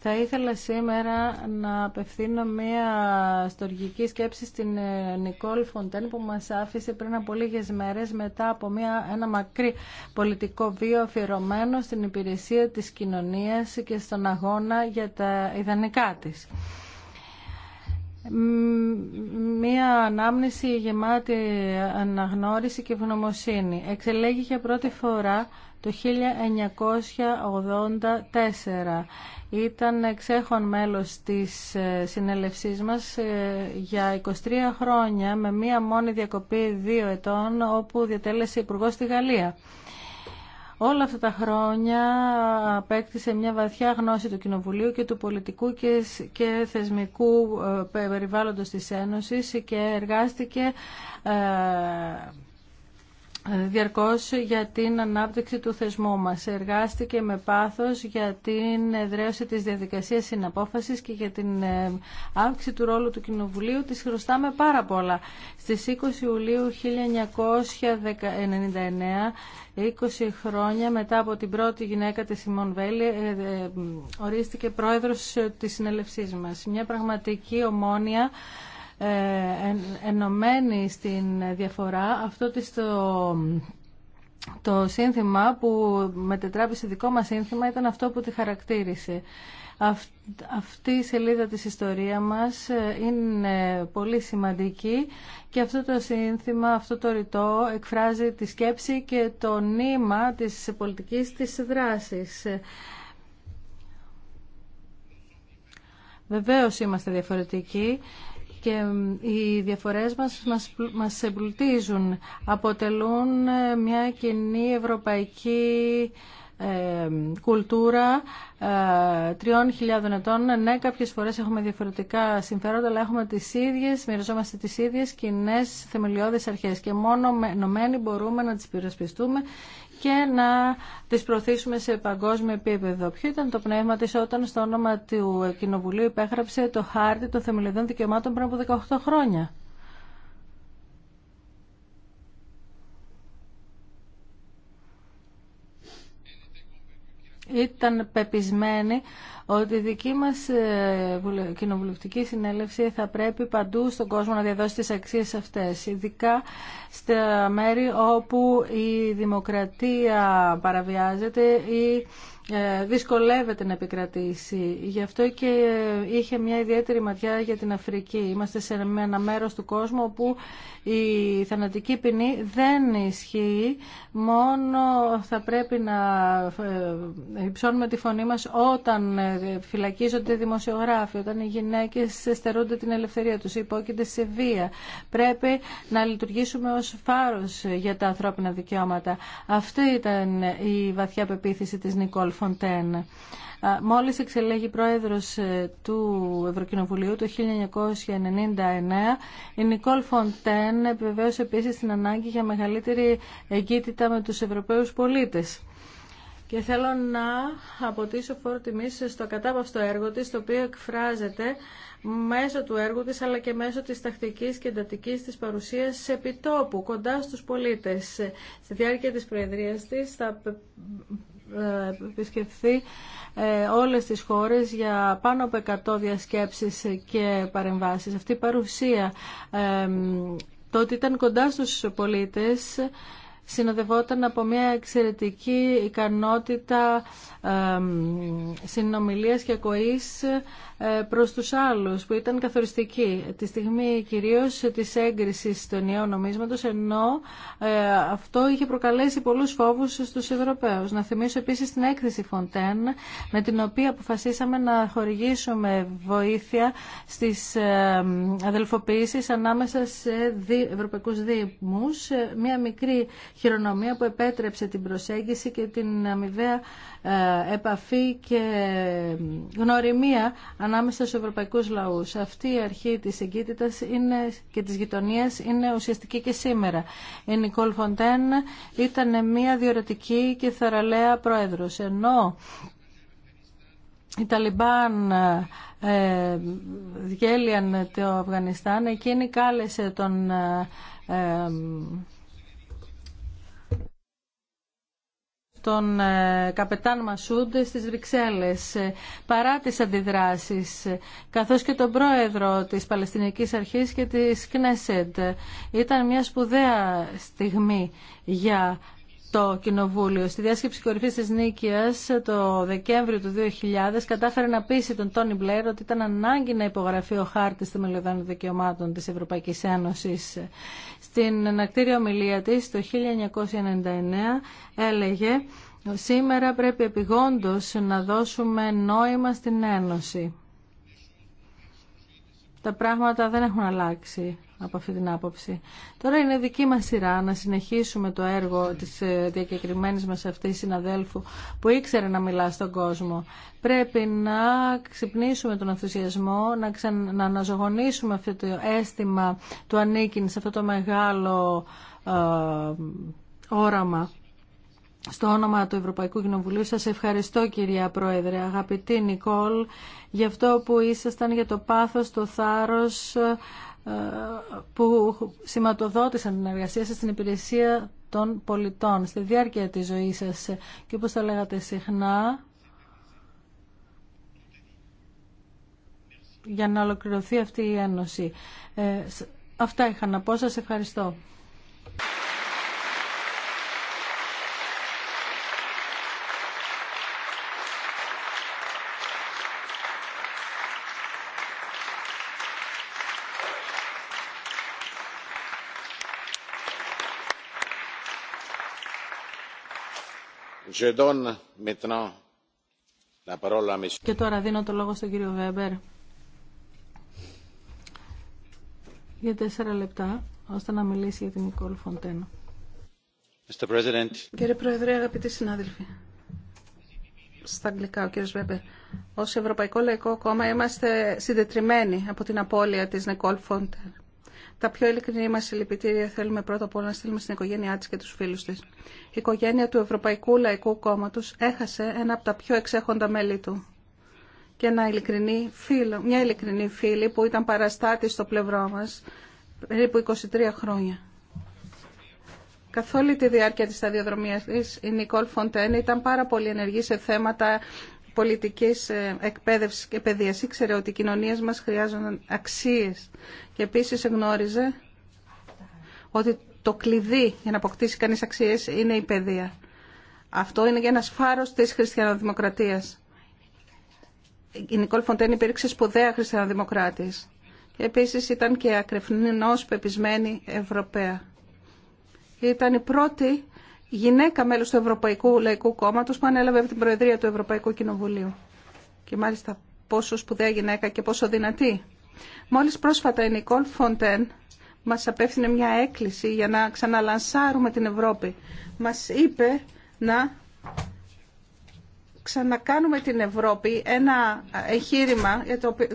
Θα ήθελα σήμερα να απευθύνω μια στοργική σκέψη στην ε, Νικόλ Φοντέν που μας άφησε πριν από λίγες μέρες μετά από μια, ένα μακρύ πολιτικό βίο αφιερωμένο στην υπηρεσία της κοινωνίας και στον αγώνα για τα ιδανικά της ανάμνηση γεμάτη αναγνώριση και ευγνωμοσύνη. Εξελέγει για πρώτη φορά το 1984. Ήταν εξέχον μέλος της ε, συνελευσής μας ε, για 23 χρόνια με μία μόνη διακοπή δύο ετών όπου διατέλεσε υπουργό στη Γαλλία. Όλα αυτά τα χρόνια απέκτησε μια βαθιά γνώση του Κοινοβουλίου και του πολιτικού και θεσμικού ε, περιβάλλοντος της Ένωσης και εργάστηκε ε, διαρκώς για την ανάπτυξη του θεσμού μας. Εργάστηκε με πάθος για την εδραίωση της διαδικασίας συναπόφασης και για την ε, αύξηση του ρόλου του Κοινοβουλίου. Της χρωστάμε πάρα πολλά. Στις 20 Ιουλίου 1999 20 χρόνια μετά από την πρώτη γυναίκα της Σιμών Βέλη ε, ε, ορίστηκε πρόεδρος της συνέλευσής μας. Μια πραγματική ομόνια. Ε, ενωμένη στην διαφορά αυτό της το σύνθημα που μετετράπησε δικό μας σύνθημα ήταν αυτό που τη χαρακτήρισε. Αυτή η σελίδα της ιστορία μας ε, είναι πολύ σημαντική και αυτό το σύνθημα, αυτό το ρητό εκφράζει τη σκέψη και το νήμα της πολιτικής της δράσης. Βεβαίως είμαστε διαφορετικοί και οι διαφορές μας μας, μας εμπλουτίζουν. Αποτελούν ε, μια κοινή ευρωπαϊκή ε, κουλτούρα ε, τριών χιλιάδων ετών. Ναι, κάποιες φορές έχουμε διαφορετικά συμφέροντα, αλλά έχουμε τις ίδιες, μοιραζόμαστε τις ίδιες κοινέ θεμελιώδεις αρχές και μόνο ενωμένοι μπορούμε να τις πυροσπιστούμε και να τις προωθήσουμε σε παγκόσμιο επίπεδο. Ποιο ήταν το πνεύμα της όταν στο όνομα του Κοινοβουλίου υπέγραψε το χάρτη των θεμελιωδών δικαιωμάτων πριν από 18 χρόνια. Ήταν πεπισμένη ότι η δική μας ε, κοινοβουλευτική συνέλευση θα πρέπει παντού στον κόσμο να διαδώσει τις αξίες αυτές, ειδικά στα μέρη όπου η δημοκρατία παραβιάζεται ή ε, δυσκολεύεται να επικρατήσει. Γι' αυτό και ε, είχε μια ιδιαίτερη ματιά για την Αφρική. Είμαστε σε ένα μέρος του κόσμου όπου η θανατική ποινή δεν ισχύει. Μόνο θα πρέπει να υψώνουμε τη φωνή μας όταν φυλακίζονται δημοσιογράφοι, όταν οι γυναίκες στερούνται την ελευθερία τους, υπόκεινται σε βία. Πρέπει να λειτουργήσουμε ως φάρος για τα ανθρώπινα δικαιώματα. Αυτή ήταν η βαθιά πεποίθηση της Νικόλ Φοντέν. Μόλις εξελέγει πρόεδρος ε, του Ευρωκοινοβουλίου το 1999, η Νικόλ Φοντέν επιβεβαίωσε επίσης την ανάγκη για μεγαλύτερη εγκύτητα με τους Ευρωπαίους πολίτες. Και θέλω να αποτίσω φόρο τιμή στο κατάπαυστο έργο της, το οποίο εκφράζεται μέσω του έργου της, αλλά και μέσω της τακτικής και εντατικής της παρουσίας επιτόπου, κοντά στους πολίτες. Στη διάρκεια της Προεδρίας της θα ε, επισκεφθεί ε, όλες τις χώρες για πάνω από 100 διασκέψεις και παρεμβάσεις. Αυτή η παρουσία, ε, το ότι ήταν κοντά στους πολίτες, συνοδευόταν από μια εξαιρετική ικανότητα συνομιλίας και ακοής ε, προς τους άλλους που ήταν καθοριστική τη στιγμή κυρίως της έγκρισης των νέων νομίσματος ενώ ε, αυτό είχε προκαλέσει πολλούς φόβους στους Ευρωπαίους. Να θυμίσω επίσης την έκθεση Φοντέν με την οποία αποφασίσαμε να χορηγήσουμε βοήθεια στις ε, αδελφοποιήσεις ανάμεσα σε δι... ευρωπαϊκούς δήμους μια μικρή χειρονομία που επέτρεψε την προσέγγιση και την αμοιβαία επαφή και γνωριμία ανάμεσα στους ευρωπαϊκούς λαούς. Αυτή η αρχή της εγκύτητας είναι, και της γειτονίας είναι ουσιαστική και σήμερα. Η Νικόλ Φοντέν ήταν μια διορατική και θεραλέα πρόεδρος, ενώ οι Ταλιμπάν ε, διέλυαν το Αφγανιστάν, εκείνη κάλεσε τον ε, τον ε, καπετάν Μασούντ στις Βρυξέλλες ε, παρά τις αντιδράσεις ε, καθώς και τον πρόεδρο της Παλαιστινικής Αρχής και της Κνέσεντ. Ήταν μια σπουδαία στιγμή για στο Κοινοβούλιο. Στη διάσκεψη κορυφή τη Νίκαια το Δεκέμβριο του 2000 κατάφερε να πείσει τον Τόνι Μπλερ ότι ήταν ανάγκη να υπογραφεί ο χάρτη θεμελιωδών δικαιωμάτων τη Ευρωπαϊκή Ένωση. Στην ανακτήρια ομιλία τη το 1999 έλεγε Σήμερα πρέπει επιγόντως να δώσουμε νόημα στην Ένωση. Τα πράγματα δεν έχουν αλλάξει από αυτή την άποψη. Τώρα είναι δική μας σειρά να συνεχίσουμε το έργο της ε, διακεκριμένης μας αυτής συναδέλφου που ήξερε να μιλά στον κόσμο. Πρέπει να ξυπνήσουμε τον ενθουσιασμό, να, να αναζωογονήσουμε αυτό το αίσθημα του ανήκειν σε αυτό το μεγάλο ε, όραμα. Στο όνομα του Ευρωπαϊκού Κοινοβουλίου σας ευχαριστώ κυρία Πρόεδρε, αγαπητή Νικόλ, για αυτό που ήσασταν, για το πάθος, το θάρρος, που σηματοδότησαν την εργασία σας στην υπηρεσία των πολιτών, στη διάρκεια της ζωής σας και όπως τα λέγατε συχνά, για να ολοκληρωθεί αυτή η ένωση. Ε, αυτά είχα να πω. Σας ευχαριστώ. Και τώρα δίνω το λόγο στον κύριο Βέμπερ για τέσσερα λεπτά, ώστε να μιλήσει για την Νικόλ Φοντένα. Κύριε Πρόεδρε, αγαπητοί συνάδελφοι, στα αγγλικά ο κύριος Βέμπερ, ως Ευρωπαϊκό Λαϊκό Κόμμα είμαστε συντετριμένοι από την απώλεια της Νικόλ Φοντένα τα πιο ειλικρινή μα συλληπιτήρια θέλουμε πρώτα απ' όλα να στείλουμε στην οικογένειά τη και του φίλου τη. Η οικογένεια του Ευρωπαϊκού Λαϊκού Κόμματο έχασε ένα από τα πιο εξέχοντα μέλη του. Και ένα ειλικρινή φίλο, μια ειλικρινή φίλη που ήταν παραστάτη στο πλευρό μα περίπου 23 χρόνια. Καθ' όλη τη διάρκεια της σταδιοδρομίας της, η Νικόλ Φοντέν ήταν πάρα πολύ ενεργή σε θέματα Πολιτική ε, εκπαίδευση και παιδεία. Ήξερε ότι οι κοινωνίε μας χρειάζονταν αξίες και επίσης γνώριζε ότι το κλειδί για να αποκτήσει κανείς αξίες είναι η παιδεία. Αυτό είναι για ένα φάρος της χριστιανοδημοκρατία. Η Νικόλ Φοντέν υπήρξε σπουδαία χριστιανοδημοκράτη. Και επίση ήταν και ακρεφνινό πεπισμένη Ευρωπαία. Ήταν η πρώτη γυναίκα μέλος του Ευρωπαϊκού Λαϊκού Κόμματος που ανέλαβε την Προεδρία του Ευρωπαϊκού Κοινοβουλίου. Και μάλιστα πόσο σπουδαία γυναίκα και πόσο δυνατή. Μόλις πρόσφατα η Νικόλ Φοντέν μας απέφθινε μια έκκληση για να ξαναλανσάρουμε την Ευρώπη. Μας είπε να ξανακάνουμε την Ευρώπη ένα εγχείρημα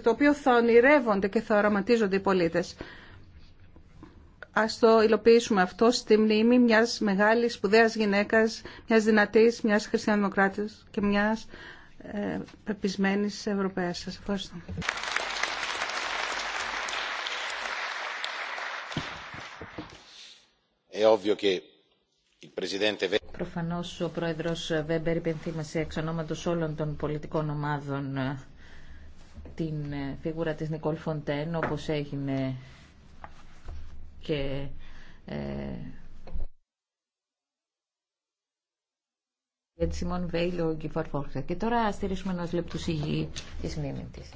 το οποίο θα ονειρεύονται και θα οραματίζονται οι πολίτες ας το υλοποιήσουμε αυτό στη μνήμη μιας μεγάλης σπουδαίας γυναίκας, μιας δυνατής, μιας χριστιανοδημοκράτης και μιας ε, πεπισμένης Ευρωπαίας. Σας ευχαριστώ. Προφανώς ο Πρόεδρος Βέμπερ υπενθύμασε εξ ονόματος όλων των πολιτικών ομάδων ε, την ε, φίγουρα της Νικόλ Φοντέν όπως έγινε και ε, για τη Σιμών Βέιλο και Φορφόρχα. Και τώρα στηρίσουμε ενός λεπτού σιγή τη μνήμη της.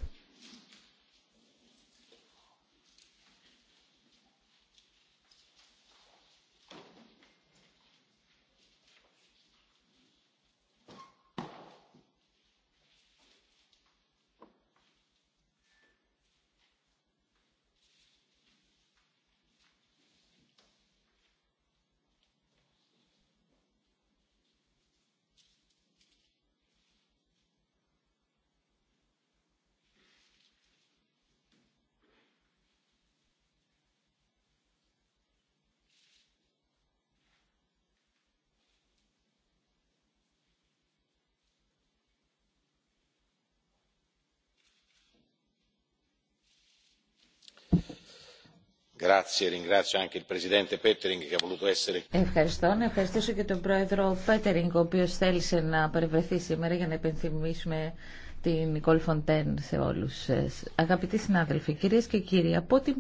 Ευχαριστώ. Να ευχαριστήσω και τον πρόεδρο Πέτερινγκ, ο οποίο θέλησε να παρευρεθεί σήμερα για να υπενθυμίσουμε την Νικόλ Φοντέν σε όλου. Ε, αγαπητοί συνάδελφοι, κυρίε και κύριοι, από την